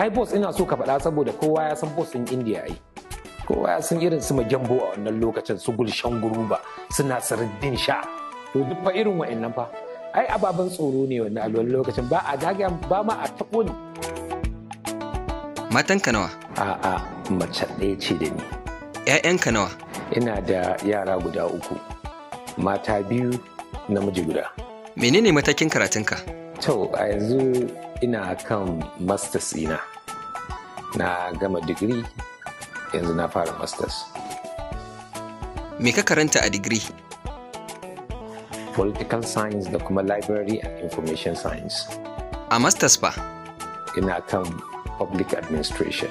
ai boss ina so ka faɗa saboda kowa ya san boss in india ai kowa ya san irin su magyambo a wannan lokacin su gulshan guruba suna sardin sha to duk fa irin wa'annan fa ai ababen tsoro ne wannan a lokacin ba a daga ba ma a taɓo ne ka nawa a'a mace ɗaya ce da ni ka nawa ina da yara guda uku mata biyu namiji guda menene matakin karatunka to a yanzu ina kan masters ina na gama digiri yanzu na fara masters me ka karanta a digiri political science da kuma library and information science a masters ba ina kan public administration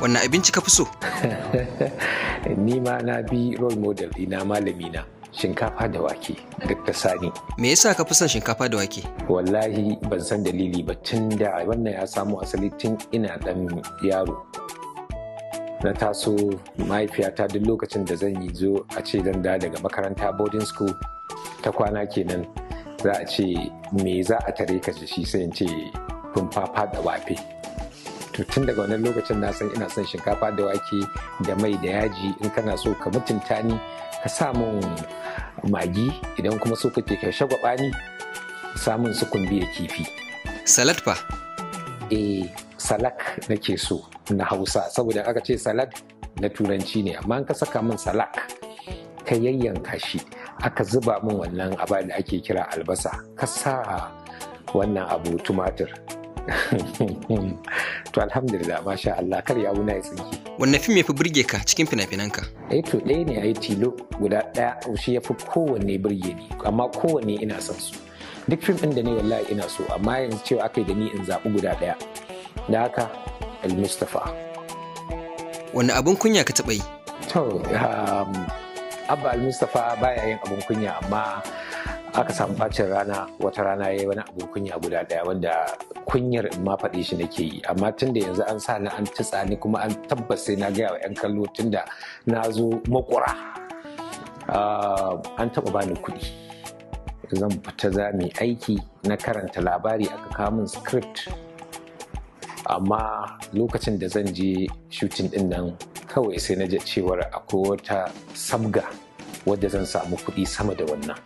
wannan abinci ka fi so ni ma na bi role model ina malami na shinkafa da wake da sani. Me yasa ka fi son shinkafa da wake? Wallahi ban san dalili ba tun da wannan ya samu asali tun ina ɗan yaro. Na taso mahaifiyata duk lokacin da zan yi zo a ce zan da daga makaranta boarding school ta kwana kenan za a ce me za a tare ka shi sai in ce fumfafa da wafe. to tun daga wannan lokacin na san ina son shinkafa da wake da mai da yaji in kana so ka mutunta ni ka sa min magi idan kuma so kake ka shagwaba ni samun su kumbi da kifi salad fa eh salak nake so na hausa saboda aka ce salad na turanci ne amma an ka saka min salak ka yayyanka shi aka zuba min wannan abin da ake kira albasa ka sa wannan abu tumatir to alhamdulillah masha Allah kar ya wuna ya tsinki wanne fim ya fi burge ka cikin fina ka eh to ɗaya ne ai tilo guda ɗaya shi ya fi kowanne burge ni amma kowanne ina son su duk fim ɗin da ne wallahi ina so amma yanzu cewa aka yi da ni in zaɓi guda ɗaya da haka al mustafa wani abun kunya ka taɓa yi to um, abba al mustafa baya yin abin kunya amma aka samu bacin rana wata rana ya yi wani abin kunya guda ɗaya, wanda kunyar in ma faɗi shi nake yi amma tun da yanzu an sa ni an ci tsani kuma an tabbas sai na gaya wa 'yan kallo tun da na zo makura ah, an taɓa bani kuɗi zan fita za mu aiki na karanta labari aka kawo min script amma lokacin da zan je shooting din nan kawai sai na ji cewar akwai wata sabga wadda zan samu kuɗi sama da wannan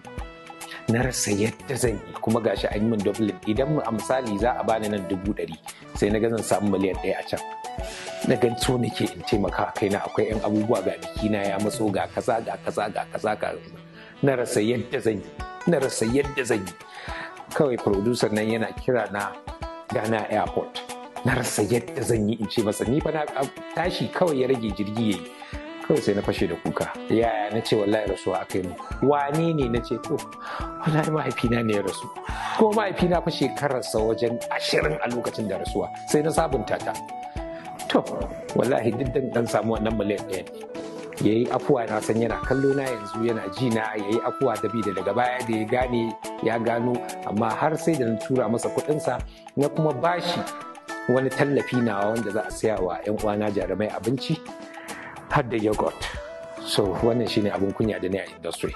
na rasa yadda zan yi kuma gashi an yi min dublin idan a misali za a bani nan dubu ɗari sai na ga zan samu miliyan ɗaya a can na gan so nake in taimaka kaina akwai yan abubuwa ga jikina ya matso ga kaza ga kaza ga kaza ga na rasa yadda zan yi na rasa yadda zan yi kawai producer nan yana kira na Ghana airport na rasa yadda zan yi in ce masa ni fa na tashi kawai ya rage jirgi yayi kawai sai na fashe da kuka yaya na ce wallahi rasuwa aka yi mu wani ne na ce to wallahi mahaifina ne ya rasu kuma mahaifina fa shekararsa wajen ashirin a lokacin da rasuwa sai na sabunta ta to wallahi duk dan dan samu wannan miliyan ɗaya ne ya yi afuwa na san yana kallo na yanzu yana ji na ya yi afuwa da bi da daga baya da ya gane ya gano amma har sai da na tura masa kuɗinsa na kuma bashi wani tallafi nawa wanda za a saya wa 'yan uwana jarumai abinci har da yogurt so wannan shine abin kunya da ne a industry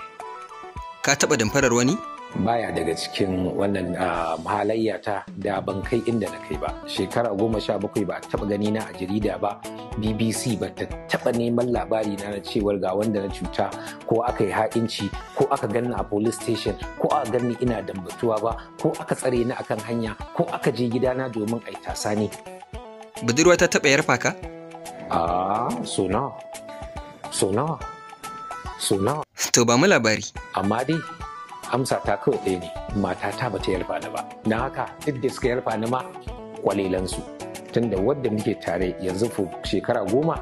ka taba damfarar wani baya daga cikin wannan ah, halayya ta da ban kai inda na kai ba shekara goma sha bakwai ba taba gani na a jarida ba bbc ba ta taba neman labari na na cewar ga wanda na cuta ko aka yi ha'inci ko aka ganni a police station ko aka ganni ina dambatuwa ba ko aka tsare ni akan hanya ko aka je gidana domin a yi tasa ne. budurwa ta taba yarfa ka a ah, suna suna suna to ba mu labari amma dai amsa ta kawai ɗaya ne mata ta ba ta yarfa ni ba na haka duk da suka yalfa ni ma kwalilansu tunda wadda muke tare yanzu shekara goma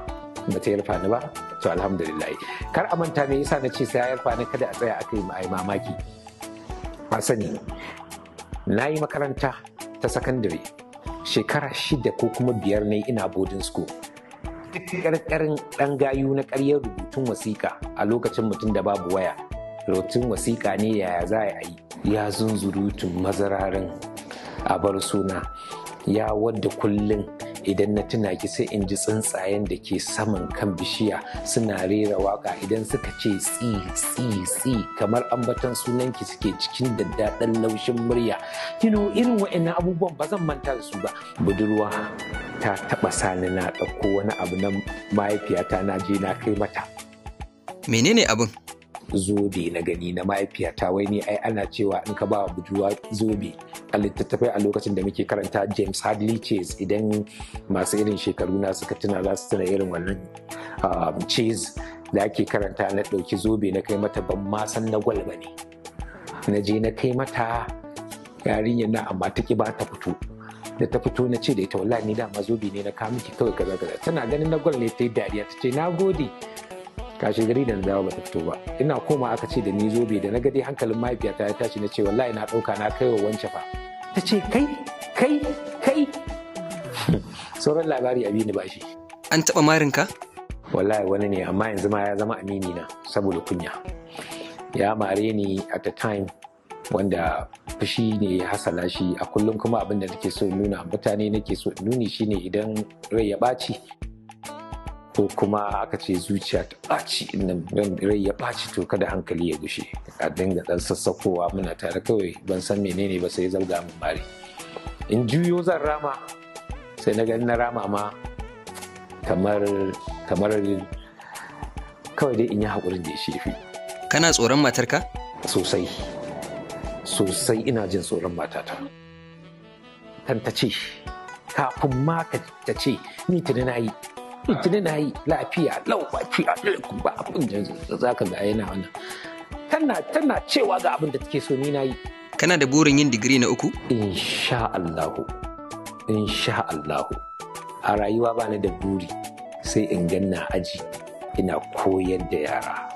ba ta yarfa ni ba to alhamdulillah kar a manta me yasa na ce sai ya ni kada a tsaya aka yi ma'ai mamaki a sani na yi makaranta ta sakandare shekara shida ko kuma biyar ne ina boarding school duk karkarin ɗan gayu na ƙaryar rubutun wasiƙa a lokacin mutum da babu waya rubutun wasiƙa ne yaya za a yi ya zunzurutun mazararin a bar suna ya wadda kullum idan na tuna ki sai in ji tsuntsayen da ke saman kan bishiya suna rera waka idan suka ce tsi tsi tsi kamar ambatan sunanki suke cikin daɗin laushin murya kino irin wa'annan abubuwan ba zan manta da su ba budurwa ta taɓa sani na ɗauko wani abu na mahaifiyata na je na kai mata. Menene abin? Zobe na gani na mahaifiyata wai ne? ai ana cewa in ka ba bujuwa zobe a littattafai a lokacin da muke karanta James Hadley Chase idan masu irin shekaru na suka tuna za su tuna irin wannan um, Chase da ake karanta na ɗauki zobe na kai mata ban ma san na gwalba ne. Na je na kai mata yarinyar na amma ta ƙi ba ta fito. da ta fito na ce da ita wallahi ni dama zobe ne na kawo miki kawai kaza kaza tana ganin na gwal ne ta yi dariya ta ce na gode kashi gari da dawo ba ta fito ba ina koma aka ce da ni zobe da na gade hankalin mahaifiyata ya tashi na ce wallahi na ɗauka na kai wa wance fa ta ce kai kai kai sauran labari abi ni bashi an taɓa marinka wallahi wani ne amma yanzu ma ya zama amini na saboda kunya ya mare ni at the time wanda fushi ne ya hasala shi a kullum kuma abin da nake so nuna mutane nake so nuni shine idan rai ya ɓaci ko kuma aka ce zuciya ta ɓaci nan rai ya ɓaci to kada hankali ya gushe a dinga ɗan sassakowa muna tare kawai ban san menene ba sai zalga min mare. in juyo zan rama sai na gani na rama ma kamar kamar kawai dai in yi haƙurin da ya shefi kana tsoron matarka sosai sosai ina jin tsoron matata kan ta ce kafin ma ta ce ni tuni na yi tuni na yi lafiya lau lafiya ba abin da za ka ga yana wani. tana tana cewa ga abin da take so ni na yi kana da burin yin digiri na uku insha Allahu insha Allahu a rayuwa ba na da buri sai in ganna aji ina koyar da yara